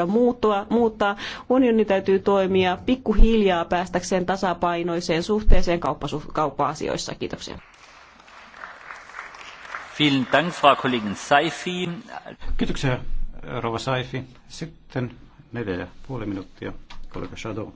voida muuttua, muuttaa. Unioni täytyy toimia pikkuhiljaa päästäkseen tasapainoiseen suhteeseen kauppasuh- kauppa-asioissa. Kiitoksia. Vielen Dank, Frau Kollegin Saifi. Kiitoksia, Rova Saifi. Sitten neljä ja puoli minuuttia, kollega Shadow.